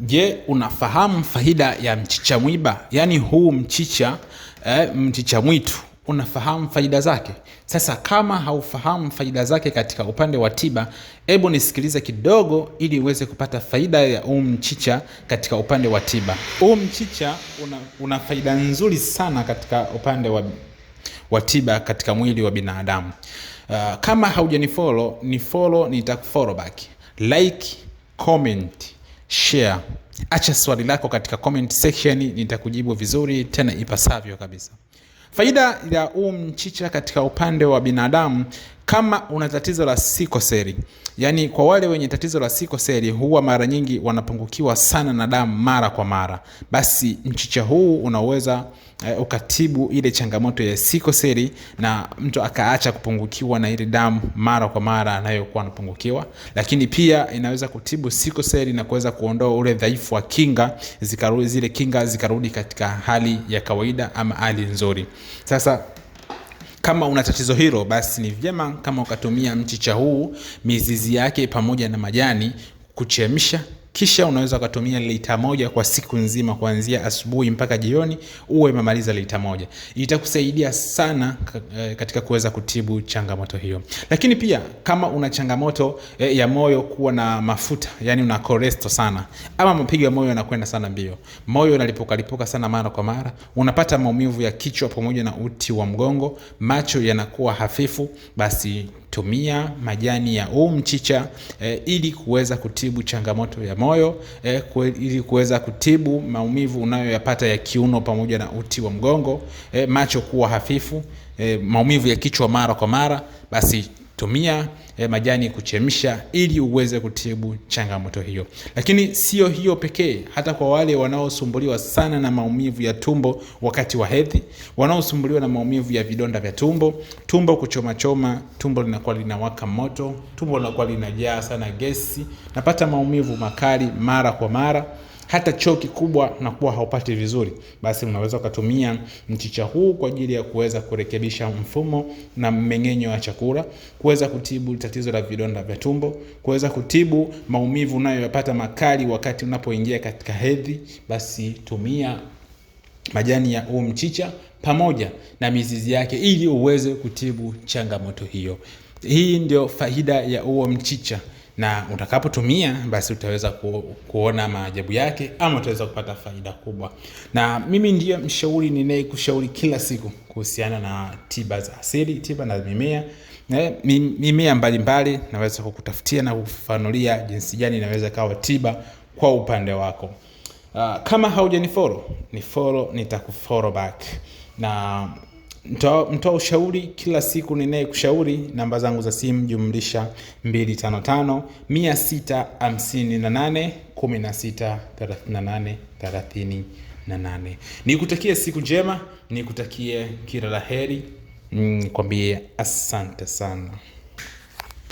Je, unafahamu faida ya mchicha mwiba? Yaani huu mchicha eh, mchicha mwitu unafahamu faida zake? Sasa kama haufahamu faida zake katika upande wa tiba, hebu nisikilize kidogo, ili uweze kupata faida ya huu mchicha katika upande wa tiba. Huu mchicha una, una faida nzuri sana katika upande wa wa tiba katika mwili wa binadamu. Uh, kama haujanifollow ni follow, nitakufollow back, like, comment share, acha swali lako katika comment section, nitakujibu vizuri tena ipasavyo kabisa. Faida ya huu mchicha katika upande wa binadamu kama una tatizo la sikoseli, yaani kwa wale wenye tatizo la sikoseli huwa mara nyingi wanapungukiwa sana na damu mara kwa mara, basi mchicha huu unaweza uh, ukatibu ile changamoto ya sikoseli na mtu akaacha kupungukiwa na ile damu mara kwa mara anayokuwa anapungukiwa. Lakini pia inaweza kutibu sikoseli na kuweza kuondoa ule dhaifu wa kinga, zile kinga zikarudi katika hali ya kawaida ama hali nzuri. Sasa kama una tatizo hilo, basi ni vyema kama ukatumia mchicha huu, mizizi yake pamoja na majani kuchemsha kisha unaweza ukatumia lita moja kwa siku nzima kuanzia asubuhi mpaka jioni, uwe umemaliza lita moja. Itakusaidia sana eh, katika kuweza kutibu changamoto hiyo. Lakini pia kama una changamoto eh, ya moyo kuwa na mafuta, yani una koresto sana ama mapigo ya moyo yanakwenda sana mbio, moyo unalipukalipuka sana mara kwa mara, unapata maumivu ya kichwa pamoja na uti wa mgongo, macho yanakuwa hafifu, basi tumia majani ya huu mchicha e, ili kuweza kutibu changamoto ya moyo eh, kwe, ili kuweza kutibu maumivu unayoyapata ya kiuno pamoja na uti wa mgongo e, macho kuwa hafifu e, maumivu ya kichwa mara kwa mara basi Tumia eh, majani kuchemsha ili uweze kutibu changamoto hiyo. Lakini sio hiyo pekee, hata kwa wale wanaosumbuliwa sana na maumivu ya tumbo wakati wa hedhi, wanaosumbuliwa na maumivu ya vidonda vya tumbo, tumbo kuchomachoma, tumbo linakuwa linawaka moto, tumbo linakuwa linajaa sana gesi, napata maumivu makali mara kwa mara hata choo kikubwa na kuwa haupati vizuri, basi unaweza ukatumia mchicha huu kwa ajili ya kuweza kurekebisha mfumo na mmeng'enyo wa chakula, kuweza kutibu tatizo la vidonda vya tumbo, kuweza kutibu maumivu unayoyapata makali wakati unapoingia katika hedhi, basi tumia majani ya huu mchicha pamoja na mizizi yake ili uweze kutibu changamoto hiyo. Hii ndio faida ya huo mchicha na utakapotumia basi utaweza kuona maajabu yake ama utaweza kupata faida kubwa. Na mimi ndiye mshauri ninayekushauri kila siku kuhusiana na tiba za asili, tiba na mimea eh, mimea mbalimbali, naweza kukutafutia na kufafanulia jinsi gani inaweza kawa tiba kwa upande wako. Uh, kama haujanifollow ni follow, nitakufollow back na mtoa ushauri kila siku ninayekushauri. Namba zangu za simu jumlisha 255 Nikutakie siku njema, nikutakie kila laheri heri, mm, nikwambie asante sana.